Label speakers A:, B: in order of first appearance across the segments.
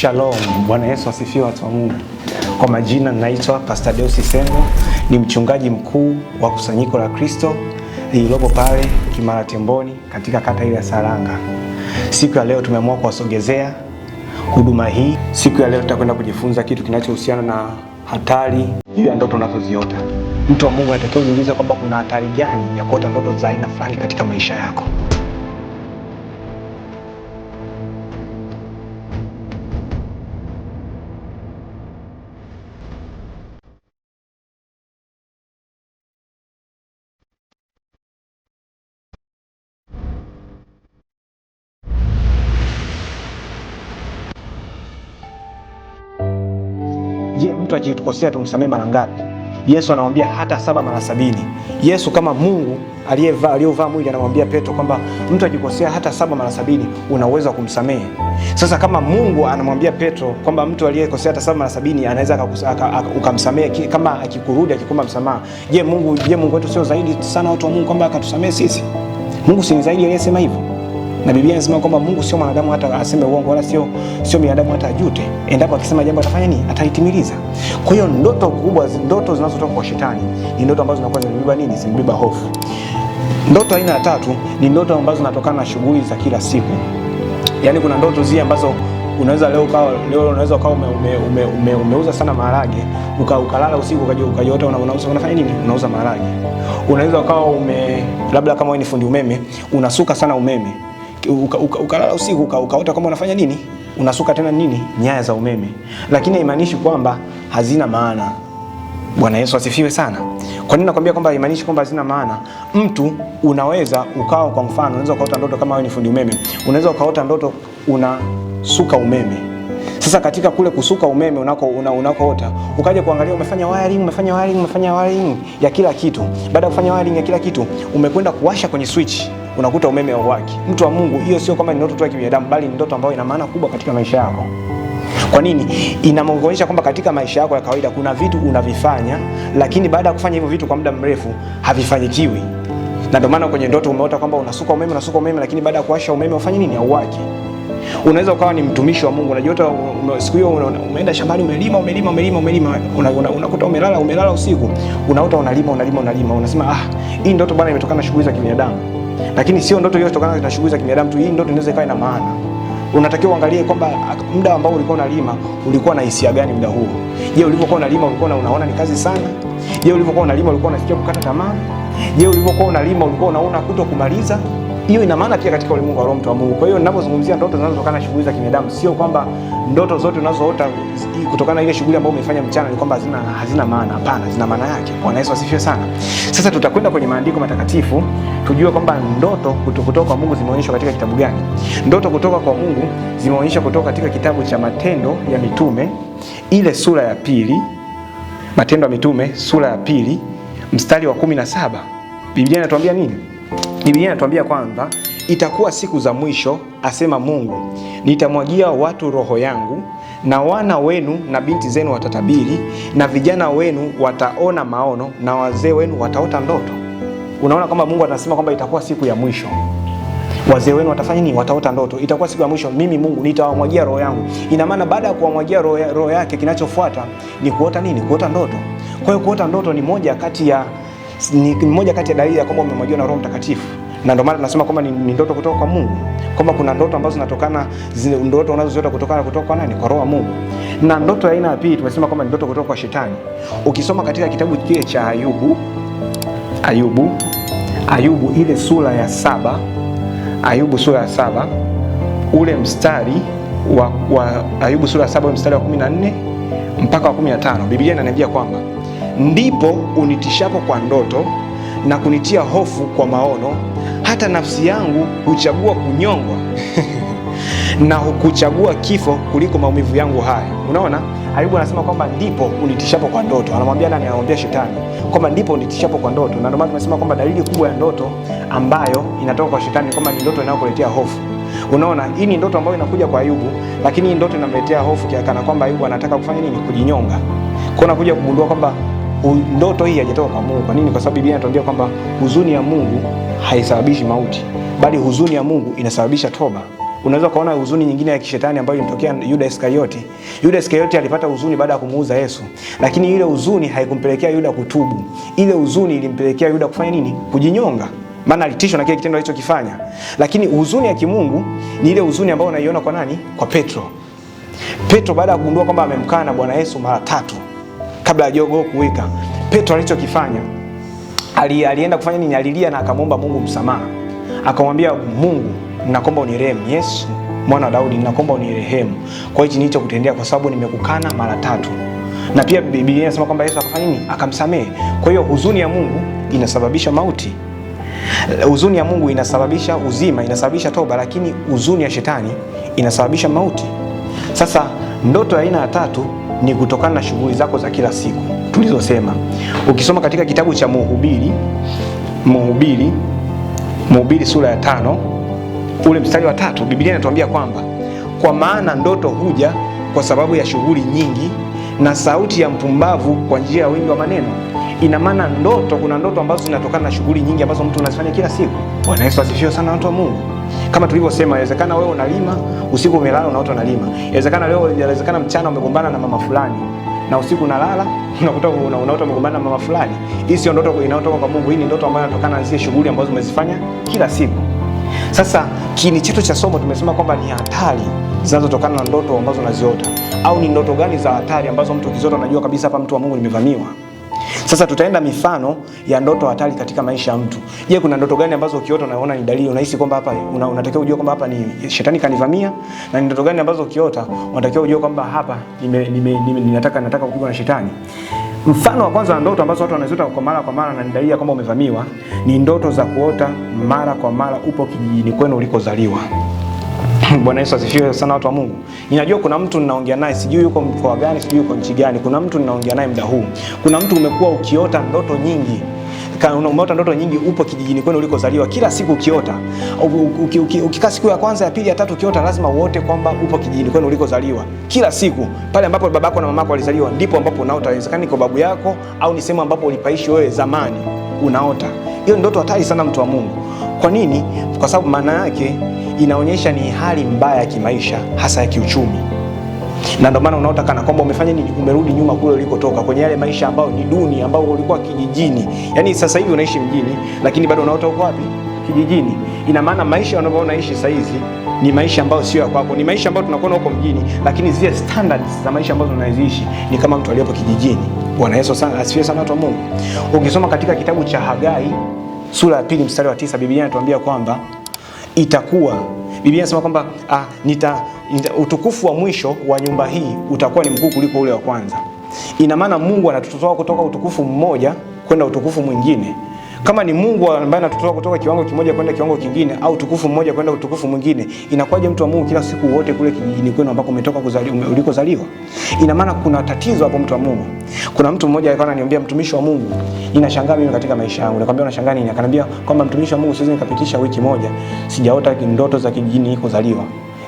A: Shalom, Bwana Yesu asifiwe, watu wa Mungu. Kwa majina naitwa Pastor Deus Sengo, ni mchungaji mkuu wa kusanyiko la Kristo lililopo pale Kimara Temboni, katika kata ile ya Saranga. Siku ya leo tumeamua kuwasogezea huduma hii. Siku ya leo tutakwenda kujifunza kitu kinachohusiana na hatari juu ya ndoto unazoziota. Mtu wa Mungu anatakiwa kujiuliza kwamba kuna hatari gani ya kuota ndoto za aina fulani katika maisha yako. akitukosea tumsamee mara ngapi? Yesu anamwambia hata saba mara sabini. Yesu kama Mungu aliyovaa mwili anamwambia Petro kwamba mtu akikosea hata saba mara sabini una uwezo wa kumsamehe. Sasa kama Mungu anamwambia Petro kwamba mtu aliyekosea hata saba mara sabini anaweza ukamsamehe kama akikurudi akikuomba msamaha, je, Mungu je, Mungu wetu sio zaidi sana watu wa Mungu kwamba akatusamehe sisi? Mungu si zaidi aliyesema hivyo? na Biblia inasema kwamba Mungu sio mwanadamu hata aseme uongo, wala sio sio binadamu hata ajute. Endapo akisema jambo atafanya nini? Atalitimiliza. Kwa hiyo ndoto kubwa, ndoto zinazotoka kwa shetani ni ndoto ambazo zinakuwa zimebeba nini? Zimebeba hofu. Ndoto aina ya tatu ni ndoto ambazo zinatokana na shughuli za kila siku, yaani kuna ndoto zile ambazo unaweza leo ukawa leo unaweza ukawa ume, ume, ume, umeuza sana maharage uka, ukalala usiku ukaja ukajiota una, unauza unafanya nini? Unauza maharage. Unaweza ukawa ume labda kama wewe ni fundi umeme unasuka sana umeme ukalala uka, uka usiku ukaota uka kwamba unafanya nini, unasuka tena nini, nyaya za umeme, lakini haimaanishi kwamba hazina maana. Bwana Yesu asifiwe sana. Kwa nini nakwambia kwamba haimaanishi kwamba hazina maana? Mtu unaweza ukao, kwa mfano, unaweza ukaota ndoto kama wewe ni fundi umeme, unaweza ukaota ndoto unasuka umeme. Sasa katika kule kusuka umeme unako una, unakoota ukaja kuangalia umefanya wiring, umefanya wiring, umefanya wiring ya kila kitu. Baada ya kufanya wiring ya kila kitu, umekwenda kuwasha kwenye switch unakuta umeme hauwaki. Mtu wa Mungu, hiyo sio kwamba ni ndoto tu ya kibinadamu, bali ni ndoto ambayo ina maana kubwa katika maisha yako. Kwa nini? Inamuonyesha kwamba katika maisha yako ya kawaida kuna vitu unavifanya, lakini baada ya kufanya hivyo vitu kwa muda mrefu havifanyikiwi na ndio maana kwenye ndoto umeota kwamba unasuka umeme unasuka umeme, lakini baada ya kuwasha umeme ufanye nini? Hauwaki. Unaweza ukawa ni mtumishi wa Mungu, unajiota siku hiyo umeenda shambani, umelima umelima umelima umelima, unakuta una, una umelala umelala usiku, unaota unalima unalima unalima, unasema ah, hii ndoto bwana imetokana na shughuli za kibinadamu lakini sio ndoto iliyotokana na shughuli za kibinadamu tu. Hii ndoto inaweza ikawa ina maana. Unatakiwa uangalie kwamba muda ambao ulikuwa unalima ulikuwa na hisia gani muda huo. Je, ulivyokuwa unalima ulikuwa unaona ni kazi sana? Je, ulivyokuwa unalima ulikuwa unasikia kukata tamaa? Je, ulivyokuwa unalima ulikuwa unaona kuto kumaliza? hiyo ina maana pia katika ulimwengu wa roho mtu wa Mungu. Kwa hiyo ninapozungumzia ndoto zinazotokana na shughuli za kibinadamu, sio kwamba ndoto zote unazoota kutokana na ile shughuli ambayo umeifanya mchana ni kwamba hazina hazina maana. Hapana, zina maana yake. Bwana Yesu asifiwe sana. Sasa tutakwenda kwenye maandiko matakatifu tujue kwamba ndoto kutoka kwa Mungu zimeonyeshwa katika kitabu gani. Ndoto kutoka kwa Mungu zimeonyeshwa kutoka katika kitabu cha Matendo ya Mitume ile sura ya pili, Matendo ya Mitume sura ya pili mstari wa kumi na saba Biblia inatuambia nini? Biblia inatuambia kwamba itakuwa siku za mwisho, asema Mungu, nitamwagia watu roho yangu, na wana wenu na binti zenu watatabiri, na vijana wenu wataona maono, na wazee wenu wataota ndoto. Unaona kwamba Mungu anasema kwamba itakuwa siku ya mwisho wazee wenu watafanya nini? Wataota ndoto. Itakuwa siku ya mwisho, mimi Mungu nitawamwagia roho yangu. Ina maana baada ya kuwamwagia roho yake, kinachofuata ni kuota nini? Kuota ndoto. Kwa hiyo kuota ndoto ni moja kati ya ni mmoja kati ya dalili ya kwamba umemwagiwa na Roho Mtakatifu na ndio maana tunasema kwamba ni, ni ndoto kutoka kwa Mungu, kwamba kuna ndoto ambazo zinatokana, zile ndoto unazoziota kutokana kutoka kwa nani? Kwa Roho wa Mungu. Na ndoto ya aina ya pili tumesema kwamba ni ndoto kutoka kwa Shetani. Ukisoma katika kitabu kile cha Ayubu, Ayubu, Ayubu ile sura ya saba, Ayubu sura ya saba ule mstari wa, wa Ayubu sura ya saba mstari wa 14 mpaka wa 15, Biblia inaniambia kwamba ndipo unitishapo kwa ndoto na kunitia hofu kwa maono, hata nafsi yangu huchagua kunyongwa na kuchagua kifo kuliko maumivu yangu haya. Unaona, Ayubu anasema kwamba ndipo unitishapo kwa ndoto. Anamwambia nani? Anamwambia Shetani kwamba ndipo unitishapo kwa ndoto, na ndio maana tunasema kwamba dalili kubwa ya ndoto ambayo inatoka kwa Shetani kwamba ni ndoto inayokuletea hofu. Unaona, hii ni ndoto ambayo inakuja kwa Ayubu, lakini hii ndoto inamletea hofu kiakana kwamba Ayubu anataka kufanya nini? Kujinyonga. Kwa nakuja kugundua kwamba ndoto hii haijatoka kwa Mungu. Kwa nini? Kwa sababu Biblia inatuambia kwamba huzuni ya Mungu haisababishi mauti, bali huzuni ya Mungu inasababisha toba. Unaweza kuona huzuni nyingine ya kishetani ambayo ilimtokea Yuda Iskarioti. Yuda Iskarioti alipata huzuni baada ya kumuuza Yesu, lakini ile huzuni haikumpelekea Yuda kutubu. Ile huzuni ilimpelekea Yuda kufanya nini? Kujinyonga, maana alitishwa na kile kitendo alichokifanya. Lakini huzuni ya kimungu ni ile huzuni ambayo unaiona kwa nani? Kwa Petro. Petro baada ya kugundua kwamba amemkana Bwana Yesu mara tatu kabla ya jogoo kuwika. Petro alichokifanya ali, alienda kufanya nini? Alilia na akamwomba Mungu msamaha, akamwambia Mungu, nakomba unirehemu. Yesu mwana wa Daudi, nakomba unirehemu kwa hichi nilichokutendea, kwa sababu nimekukana mara tatu. Na pia Biblia inasema kwamba Yesu akafanya nini? Akamsamehe. Kwa hiyo huzuni ya Mungu inasababisha mauti, huzuni ya Mungu inasababisha uzima, inasababisha toba, lakini huzuni ya shetani inasababisha mauti. Sasa ndoto ya aina ya tatu ni kutokana na shughuli zako za kila siku tulizosema. Ukisoma katika kitabu cha Mhubiri, Mhubiri, Mhubiri sura ya tano ule mstari wa tatu, Biblia inatuambia kwamba kwa maana ndoto huja kwa sababu ya shughuli nyingi na sauti ya mpumbavu kwa njia ya wingi wa maneno. Ina maana ndoto, kuna ndoto ambazo zinatokana na shughuli nyingi ambazo mtu anazifanya kila siku. Bwana Yesu asifiwe sana, watu wa Mungu. Kama tulivyosema, inawezekana wewe unalima usiku umelala unaota unalima, inawezekana leo, inawezekana mchana umegombana na mama fulani na usiku unalala unakuta una, unaota umegombana na mama fulani. Hii sio ndoto inayotoka kwa Mungu, hii ni ndoto ambayo inatokana na zile shughuli ambazo umezifanya kila siku. Sasa kiini chetu cha somo tumesema kwamba ni hatari zinazotokana na ndoto ambazo unaziota, au ni ndoto gani za hatari ambazo mtu ukiziota anajua kabisa hapa mtu wa Mungu nimevamiwa. Sasa tutaenda mifano ya ndoto hatari katika maisha ya mtu. Je, kuna ndoto gani ambazo ukiota unaona ni dalili, unahisi kwamba hapa una, unatakiwa ujue kwamba hapa ni shetani kanivamia, na ni ndoto gani ambazo ukiota unatakiwa ujue kwamba hapa nime, nime, nime, ninataka nataka kupigwa na shetani. Mfano wa kwanza wa ndoto ambazo watu wanaziota kwa mara kwa mara na ni dalili kwamba umevamiwa ni ndoto za kuota mara kwa mara upo kijijini kwenu ulikozaliwa. Bwana Yesu asifiwe sana, watu wa Mungu. Ninajua kuna mtu ninaongea naye, sijui yuko mkoa gani, sijui yuko nchi gani. Kuna mtu ninaongea naye muda huu, kuna mtu umekuwa ukiota ndoto nyingi Kana unaota ndoto nyingi, upo kijijini kwenu ulikozaliwa, kila siku ukiota. Ukikaa siku ya kwanza, ya pili, ya tatu, ukiota lazima uote kwamba upo kijijini kwenu ulikozaliwa. Kila siku pale ambapo babako na mamako walizaliwa, ndipo ambapo unaota. Inawezekana kwa babu yako, au ni sehemu ambapo ulipaishi wewe zamani, unaota hiyo. Ndoto hatari sana, mtu wa Mungu. Kwa nini? Kwa sababu maana yake inaonyesha ni hali mbaya ya kimaisha, hasa ya kiuchumi, na ndio maana unaota kana kwamba umefanya nini, umerudi nyuma kule ulikotoka, kwenye yale maisha ambayo ni duni, ambayo ulikuwa kijijini. Yani sasa hivi unaishi mjini, lakini bado unaota uko wapi? Kijijini. Ina maana maisha unayoona unaishi sasa hizi ni maisha ambayo sio ya kwako, ni maisha ambayo tunakuona huko mjini, lakini zile standards za maisha ambazo unaziishi ni kama mtu aliyepo kijijini. Bwana Yesu sana asifiwe sana, watu wa Mungu. Ukisoma katika kitabu cha Hagai sura ya pili mstari wa tisa Biblia inatuambia kwamba itakuwa Biblia inasema kwamba ah, nita, nita, utukufu wa mwisho wa nyumba hii utakuwa ni mkuu kuliko ule wa kwanza. Ina maana Mungu anatutoa kutoka utukufu mmoja kwenda utukufu mwingine kama ni Mungu ambaye anatutoa kutoka kiwango kimoja kwenda kiwango kingine, au tukufu mmoja kwenda utukufu mwingine, inakuwaje mtu wa Mungu kila siku wote kule kijijini kwenu ambako umetoka kuzaliwa, ulikozaliwa? Ina maana kuna tatizo hapo, mtu wa Mungu. Kuna mtu mmoja alikuwa ananiambia, mtumishi wa Mungu, ninashangaa mimi katika maisha yangu. Nikamwambia unashangaa nini? Akaniambia kwamba mtumishi wa Mungu, siwezi nikapitisha wiki moja sijaota ndoto za kijijini nilikozaliwa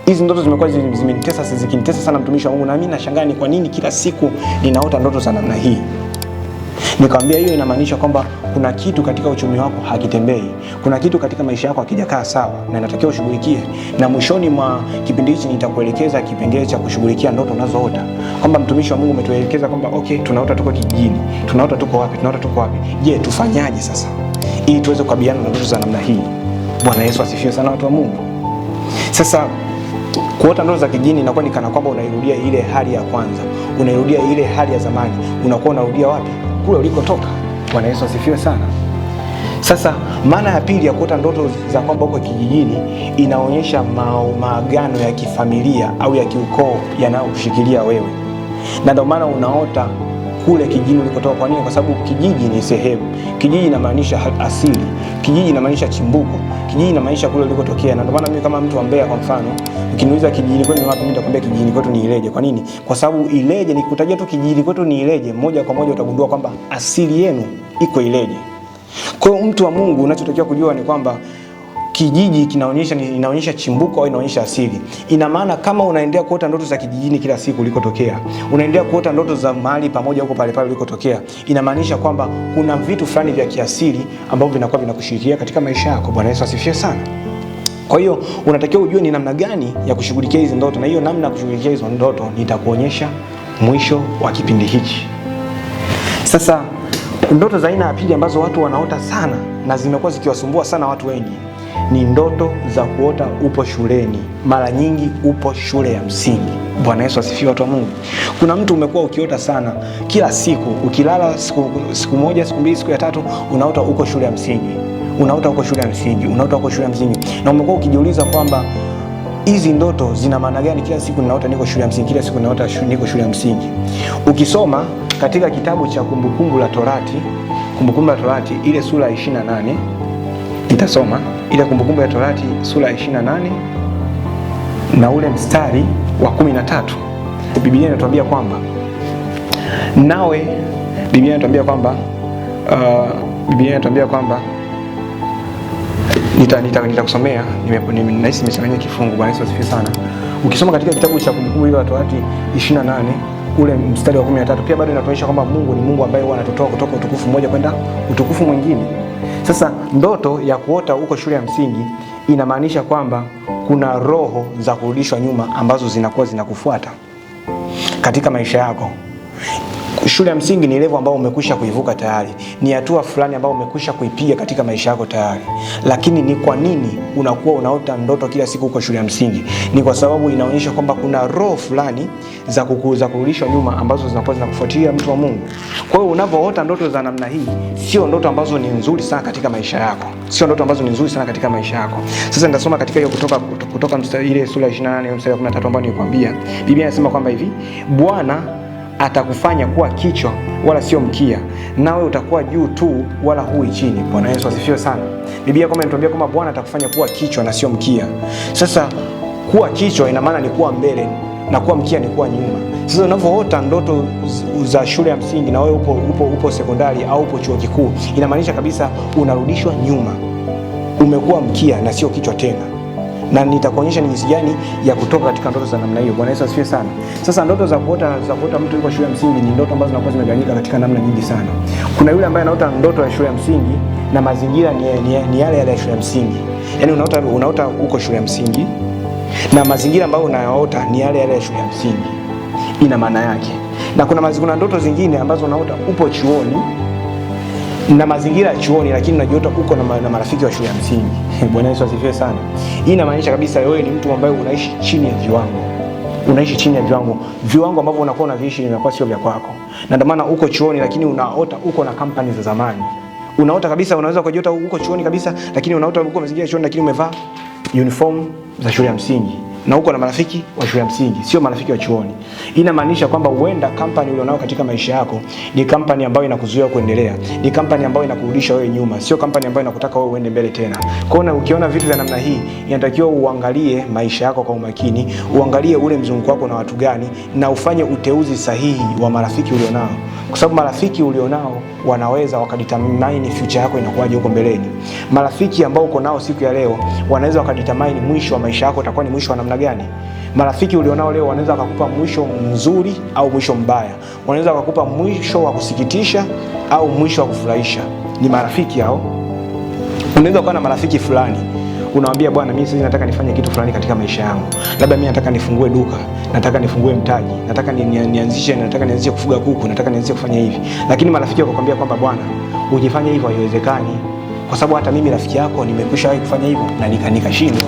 A: hizi ndoto zimekuwa zimenitesa, zikinitesa sana mtumishi wa Mungu, na mimi nashangaa ni kwa nini kila siku ninaota ndoto za namna hii. Nikamwambia hiyo inamaanisha kwamba kuna kitu katika uchumi wako hakitembei, kuna kitu katika maisha yako hakijakaa sawa na inatakiwa ushughulikie, na mwishoni mwa kipindi hichi nitakuelekeza kipengele cha kushughulikia ndoto unazoota, kwamba mtumishi wa Mungu umetuelekeza kwamba okay, tunaota tuko kijijini, tunaota tuko wapi, tunaota tuko wapi, je, tufanyaje sasa ili tuweze kukabiliana na ndoto za namna hii? Bwana Yesu asifiwe sana, watu wa Mungu. Sasa kuota ndoto za kijini inakuwa ni kana kwamba unairudia ile hali ya kwanza, unairudia ile hali ya zamani. Unakuwa unarudia wapi? kule ulikotoka. Bwana Yesu asifiwe sana. Sasa maana ya pili ya kuota ndoto za kwamba uko kijijini inaonyesha maagano ya kifamilia au ya kiukoo yanayokushikilia wewe, na ndio maana unaota kule kijijini ulikotoka. Kwa nini? Kwa sababu kijiji ni sehemu, kijiji inamaanisha asili, kijiji inamaanisha chimbuko, kijiji inamaanisha kule ulikotokea. Na ndio maana mimi kama mtu wa Mbeya kwa mfano, ukiniuliza kijijini kwetu ni wapi, mimi nitakwambia kijijini kwetu ni Ileje. Kwa nini? Kwa sababu Ileje, nikikutajia tu kijijini kwetu ni Ileje, moja kwa moja utagundua kwamba asili yenu iko Ileje. Kwa hiyo mtu wa Mungu, unachotakiwa kujua ni kwamba kijiji kinaonyesha inaonyesha chimbuko au inaonyesha asili. Ina maana kama unaendelea kuota ndoto za kijijini kila siku ulikotokea, unaendelea kuota ndoto za mahali pamoja huko pale pale ulikotokea, inamaanisha kwamba kuna vitu fulani vya kiasili ambavyo vinakuwa vinakushirikia katika maisha yako. Bwana Yesu asifiwe sana. Kwa hiyo unatakiwa ujue ni namna gani ya kushughulikia hizi ndoto, na hiyo namna ya kushughulikia hizo ndoto nitakuonyesha mwisho wa kipindi hichi. Sasa ndoto za aina ya pili ambazo watu wanaota sana na zimekuwa zikiwasumbua sana watu wengi ni ndoto za kuota upo shuleni, mara nyingi upo shule ya msingi. Bwana Yesu asifiwe, watu wa Mungu. Kuna mtu umekuwa ukiota sana kila siku, ukilala siku, siku moja, siku mbili, siku ya tatu, unaota uko shule ya msingi, unaota uko shule ya msingi, unaota uko shule ya msingi, na umekuwa ukijiuliza kwamba hizi ndoto zina maana gani? Kila siku ninaota niko shule ya msingi, kila siku ninaota niko shule ya msingi. Ukisoma katika kitabu cha Kumbukumbu la Torati, Kumbukumbu la Torati ile sura ya 28 Nitasoma ile Kumbukumbu ya Torati sura ya 28 na ule mstari wa 13. Biblia inatuambia kwamba nawe, Biblia inatuambia kwamba uh, Biblia inatuambia kwamba nitakusomea nita, nita nahisi nimechanganya kifungu. Bwana Yesu asifiwe sana. Ukisoma katika kitabu cha Kumbukumbu ya Torati 28 ule mstari wa 13 pia bado inatuonyesha kwamba Mungu ni Mungu ambaye huwa anatutoa kutoka utukufu mmoja kwenda utukufu mwingine. Sasa ndoto ya kuota huko shule ya msingi inamaanisha kwamba kuna roho za kurudishwa nyuma ambazo zinakuwa zinakufuata katika maisha yako shule ya msingi ni level ambayo umekwisha kuivuka tayari, ni hatua fulani ambayo umekwisha kuipiga katika maisha yako tayari. Lakini ni kwa nini unakuwa unaota ndoto kila siku kwa shule ya msingi? Ni kwa sababu inaonyesha kwamba kuna roho fulani za kukuza kurudishwa nyuma ambazo zinakuwa zinakufuatilia mtu wa Mungu. Kwa hiyo unapoota ndoto za namna hii, sio ndoto ambazo ni nzuri sana katika maisha yako, sio ndoto ambazo ni nzuri sana katika maisha yako. Sasa nitasoma katika hiyo kutoka kutoka mstari ile sura ya 28 mstari wa 13 ambayo nilikwambia, Biblia inasema kwamba hivi Bwana atakufanya kuwa kichwa wala sio mkia, nawe utakuwa juu tu wala hui chini. Bwana Yesu asifiwe sana. Biblia kama inatuambia kwamba Bwana atakufanya kuwa kichwa na sio mkia. Sasa kuwa kichwa ina maana ni kuwa mbele na kuwa mkia ni kuwa nyuma. Sasa unavyoota ndoto za shule ya msingi na wewe upo, upo, upo sekondari au upo chuo kikuu, inamaanisha kabisa unarudishwa nyuma, umekuwa mkia na sio kichwa tena na nitakuonyesha ni jinsi gani ya kutoka katika ndoto za namna hiyo. Bwana Yesu asifiwe sana. Sasa ndoto za kuota za kuota mtu yuko shule ya msingi ni ndoto ambazo zinakuwa zimegawanyika katika namna nyingi sana. Kuna yule ambaye anaota ndoto ya shule ya msingi na mazingira ni, ni, ni yale yale ya shule ya msingi, yaani unaota unaota huko shule ya msingi na mazingira ambayo unayaota ni yale yale ya shule ya msingi. Ina maana yake, na kuna mazingira ndoto zingine ambazo unaota upo chuoni na mazingira ya chuoni, lakini unajiota uko na, ma, na marafiki wa shule ya msingi. Bwana Yesu asifiwe sana. Hii inamaanisha kabisa wewe ni mtu ambaye unaishi chini ya viwango, unaishi chini ya viwango, viwango ambavyo unakuwa unaviishi vinakuwa sio vya kwako, na ndio maana uko chuoni, lakini unaota uko na kampani za zamani. Unaota kabisa, unaweza kujiota uko chuoni kabisa, lakini unaota uko mazingira ya chuoni, lakini umevaa uniform za shule ya msingi na uko na marafiki wa shule ya msingi, sio marafiki wa chuoni. Inamaanisha kwamba huenda kampani ulionao katika maisha yako ni kampani ambayo inakuzuia kuendelea, ni kampani ambayo inakurudisha wewe nyuma, sio kampani ambayo inakutaka wewe uende mbele tena. Kwa hiyo ukiona vitu vya namna hii, inatakiwa uangalie maisha yako kwa umakini, uangalie ule mzunguko wako na watu gani, na ufanye uteuzi sahihi wa marafiki ulionao kwa sababu marafiki ulionao wanaweza wakadetermine future yako inakuwaje huko mbeleni. Marafiki ambao uko nao siku ya leo wanaweza wakadetermine mwisho wa maisha yako utakuwa ni mwisho wa namna gani. Marafiki ulionao leo wanaweza wakakupa mwisho mzuri au mwisho mbaya, wanaweza wakakupa mwisho wa kusikitisha au mwisho wa kufurahisha. Ni marafiki hao. Unaweza kuwa na marafiki fulani unawambia bwana, mimi sasa nataka nifanye kitu fulani katika maisha yangu, labda mimi nataka nifungue duka, nataka nifungue mtaji, nataka nianzishe, nataka nianzishe kufuga kuku, nataka nianzishe kufanya hivi, lakini marafiki wakakwambia kwamba bwana, ujifanye hivyo, haiwezekani, kwa sababu hata mimi rafiki yako nimekwishawahi kufanya hivyo na nikashindwa.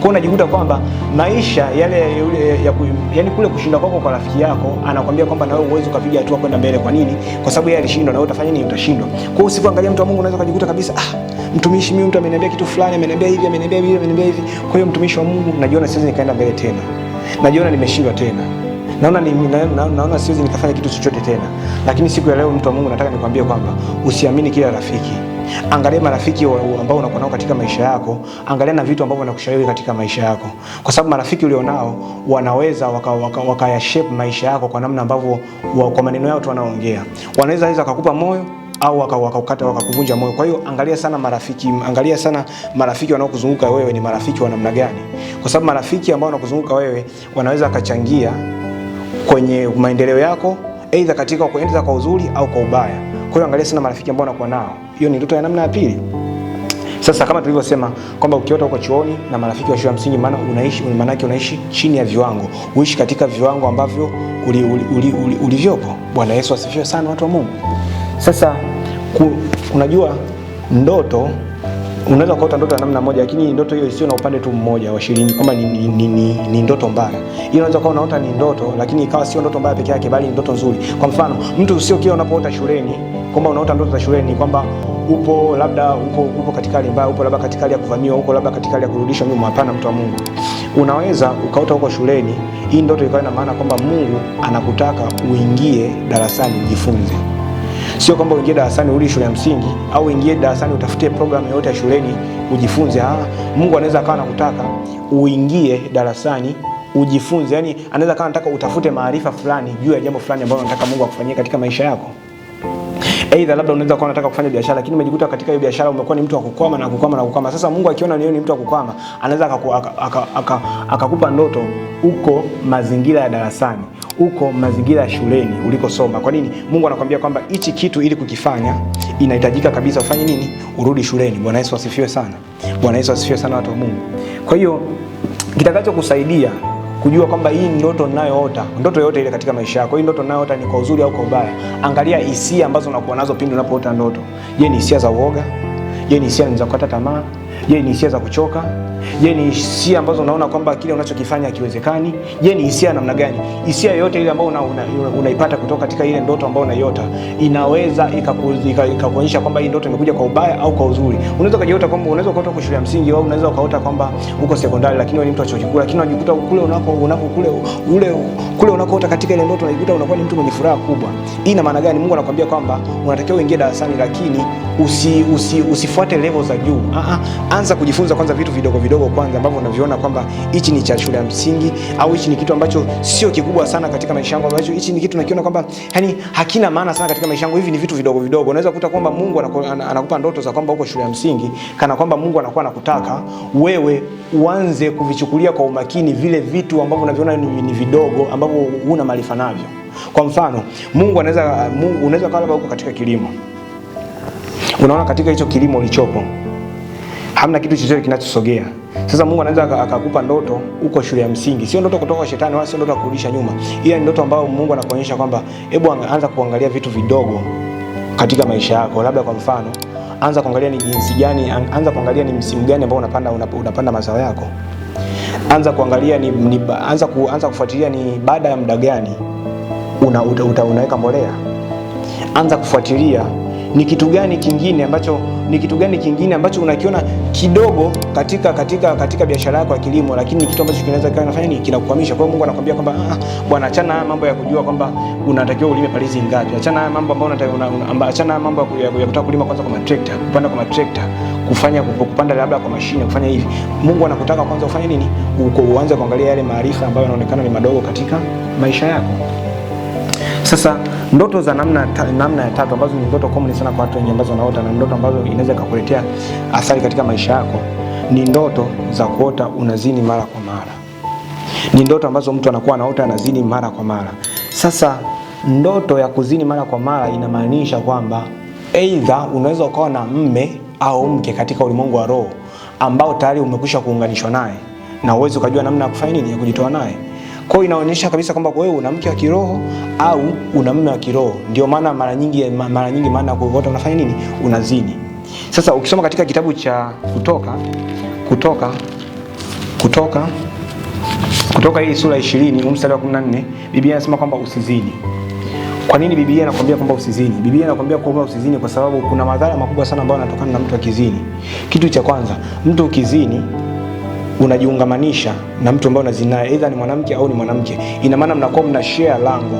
A: kwa unajikuta kwamba maisha yale ya, ya ya, yani kule kushinda kwako kwa rafiki yako anakuambia kwamba na wewe uweze ukapiga hatua kwenda mbele. Kwa nini? Kwa sababu yeye alishindwa na wewe utafanya nini? Utashindwa. Kwa hiyo usipoangalia mtu wa Mungu unaweza kujikuta kabisa ah mtumishi mimi, mtu ameniambia kitu fulani, ameniambia hivi, ameniambia hivi, ameniambia hivi. Kwa hiyo mtumishi wa Mungu, najiona siwezi nikaenda mbele tena, najiona nimeshindwa tena, naona ni, na, na, naona siwezi nikafanya kitu chochote tena. Lakini siku ya leo, mtu wa Mungu, nataka nikwambie kwamba usiamini kila rafiki. Angalia marafiki ambao unakuwa nao katika maisha yako, angalia na vitu ambavyo wanakushauri katika maisha yako, kwa sababu marafiki ulionao wanaweza wakayashape waka, waka maisha yako kwa namna ambavyo, kwa maneno yao tu wanaongea, wanaweza weza wakakupa moyo au wakakukata wakakuvunja moyo. Kwa hiyo angalia sana marafiki, angalia sana marafiki wanaokuzunguka wewe ni marafiki wa namna gani, kwa sababu marafiki ambao wanakuzunguka wewe wanaweza kachangia kwenye maendeleo yako, aidha katika kuendeleza kwa uzuri au kwa ubaya. Kwa hiyo angalia sana marafiki ambao unakuwa nao. Hiyo ni ndoto ya namna ya pili. Sasa kama tulivyosema kwamba ukiota huko chuoni na marafiki wa shule ya msingi, maana unaishi maana yake unaishi chini ya viwango, uishi katika viwango ambavyo ulivyopo. Uli, uli, uli, uli, Bwana Yesu asifiwe sana, watu wa Mungu. Sasa ku, unajua ndoto unaweza kuota ndoto ya namna moja, lakini ndoto hiyo isiyo na upande tu mmoja wa shilingi kwamba ni, ni, ni, ni, ni ndoto mbaya. Hiyo unaweza kuwa unaota ni ndoto, lakini ikawa sio ndoto mbaya peke yake, bali ndoto nzuri. Kwa mfano, mtu sio kila unapoota shuleni kwamba unaota ndoto za shuleni kwamba upo labda upo, upo katika hali mbaya, upo labda katika hali ya kuvamiwa, uko labda katika hali ya kurudishwa nyuma. Hapana, mtu wa Mungu, unaweza ukaota huko shuleni, hii ndoto ikawa na maana kwamba Mungu anakutaka uingie darasani ujifunze. Sio kwamba uingie darasani urudi shule ya msingi au uingie darasani utafutie programu yoyote ya shuleni ujifunze. Ah, Mungu anaweza akawa anakutaka uingie darasani ujifunze, yani anaweza akawa anataka utafute maarifa fulani juu ya jambo fulani ambalo anataka Mungu akufanyie katika maisha yako. Aidha, labda unaweza kuwa unataka kufanya biashara lakini umejikuta katika hiyo biashara umekuwa ni mtu wa kukwama na kukwama na kukwama. Sasa Mungu akiona ni mtu wa kukwama, anaweza akakupa ndoto huko mazingira ya darasani uko mazingira ya shuleni ulikosoma. Kwa nini? Mungu anakuambia kwamba hichi kitu ili kukifanya inahitajika kabisa ufanye nini? Urudi shuleni. Bwana Yesu asifiwe sana. Bwana Yesu asifiwe sana watu wa Mungu. Kwa hiyo kitakachokusaidia kujua kwamba hii ndoto ninayoota, ndoto yote ile katika maisha yako, hii ndoto ninayoota ni kwa uzuri au kwa ubaya, angalia hisia ambazo unakuwa nazo pindi unapoota ndoto. Je, ni hisia za uoga? Je, ni hisia za kukata tamaa? Je, ni hisia za kuchoka? Je, ni hisia ambazo unaona kwamba kile unachokifanya hakiwezekani? Je, ni hisia namna gani? Hisia yoyote ile ambayo unaipata una, una kutoka katika ile ndoto ambayo unaiota inaweza ikakuonyesha kwamba hii ndoto imekuja kwa ubaya au kwa uzuri. Unaweza ukajiota kwamba unaweza ukaota kwa shule ya msingi au unaweza ukaota kwamba uko sekondari, lakini wewe ni mtu wa chuo kikuu, lakini unajikuta kule unako unako kule ule kule unakoota katika ile ndoto unajikuta unakuwa ni mtu mwenye furaha kubwa. Hii ina maana gani? Mungu anakuambia kwamba unatakiwa uingie darasani, lakini usi, usi, usifuate level za juu. Ah, ah anza kujifunza kwanza vitu vidogo vidogo vidogo kwanza ambavyo unaviona kwamba hichi ni cha shule ya msingi au hichi ni kitu ambacho sio kikubwa sana katika maisha yangu, ambacho hichi ni kitu nakiona kwamba yani hakina maana sana katika maisha yangu. Hivi ni vitu vidogo vidogo. Unaweza kukuta kwamba Mungu anakupa ndoto za kwamba uko shule ya msingi, kana kwamba Mungu anakuwa anakutaka wewe uanze kuvichukulia kwa umakini vile vitu ambavyo unaviona ni vidogo, ambavyo huna maarifa navyo. Kwa mfano, Mungu anaweza Mungu unaweza kawa labda uko katika kilimo, unaona katika hicho kilimo ulichopo hamna kitu chochote kinachosogea sasa Mungu anaweza akakupa ndoto uko shule ya msingi, sio ndoto kutoka kwa shetani wala sio ndoto ya kurudisha nyuma, ila ni ndoto ambayo Mungu anakuonyesha kwamba hebu anza kuangalia vitu vidogo katika maisha yako, labda kwa mfano anza kuangalia ni jinsi gani, anza kuangalia ni msimu gani ambao unapanda, unapanda mazao yako. Anza kuangalia ni, ni, anza, ku, anza kufuatilia ni baada ya muda gani una, unaweka mbolea. Anza kufuatilia ni kitu gani kingine ambacho ni kitu gani kingine ambacho unakiona kidogo katika katika katika biashara yako ya kilimo, lakini ni kitu ambacho kinaweza kinafanya nini, kinakukwamisha. Kwa hiyo Mungu anakuambia kwamba ah, ah, bwana, achana haya mambo ya kujua kwamba unatakiwa ulime palizi ngapi, achana haya mambo ambayo unatakiwa, achana haya mambo ya kutaka kulima kwanza kwa matrekta, kupanda kwa matrekta, kufanya kupanda labda kwa mashine, kufanya hivi. Mungu anakutaka kwanza ufanye nini, uko uanze kuangalia yale maarifa ambayo yanaonekana ni madogo katika maisha yako. Sasa Ndoto za namna, namna ya tatu ambazo ni ndoto common sana kwa watu wengi ambao wanaota na ndoto ambazo inaweza kukuletea athari katika maisha yako ni ndoto za kuota unazini mara kwa mara, ni ndoto ambazo mtu anakuwa anaota anazini mara kwa mara. Sasa ndoto ya kuzini mara kwa mara inamaanisha kwamba aidha unaweza ukawa na mme au mke katika ulimwengu wa roho ambao tayari umekwisha kuunganishwa naye na uwezi ukajua namna ya kufanya nini ya kujitoa naye. Kwa hiyo inaonyesha kabisa kwamba wewe una mke wa kiroho au una mume wa kiroho. Ndio maana mara nyingi mara nyingi maana ya wote unafanya nini? Unazini. Sasa ukisoma katika kitabu cha Kutoka Kutoka Kutoka Kutoka hii sura 20 mstari wa 14, Biblia inasema kwamba usizini. Kwa nini Biblia inakwambia kwamba usizini? Biblia inakwambia kwamba usizini kwa sababu kuna madhara makubwa sana ambayo yanatokana na mtu akizini. Kitu cha kwanza, mtu ukizini unajiungamanisha na mtu ambaye unazinaye aidha ni mwanamke au ni mwanamke, ina maana mnakuwa mna share lango,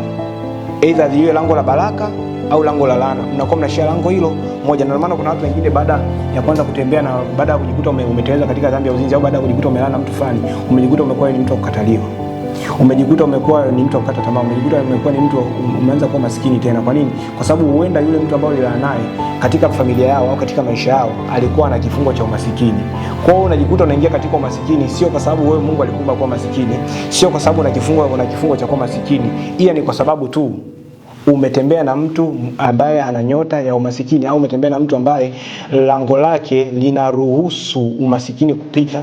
A: aidha liwe lango la baraka au lango la laana, mnakuwa mna share lango hilo moja. Ndio maana kuna watu wengine baada ya kwanza kutembea na baada ya kujikuta umeteleza katika dhambi ya uzinzi au baada ya kujikuta umelala mtu fulani, umejikuta umekuwa ni mtu wa kukataliwa umejikuta umekuwa ni mtu akata tamaa, umejikuta umekuwa ni mtu umeanza kuwa maskini tena. Kwa nini? Kwa sababu huenda yule mtu ambaye ulilala naye katika familia yao au katika maisha yao alikuwa na kifungo cha umasikini. Kwa hiyo unajikuta unaingia katika umasikini, sio kwa sababu wewe Mungu alikuumba kuwa masikini, sio kwa sababu una kifungo una kifungo cha kuwa masikini, ila ni kwa sababu tu umetembea na mtu ambaye ana nyota ya umasikini, au umetembea na mtu ambaye lango lake linaruhusu umasikini kupita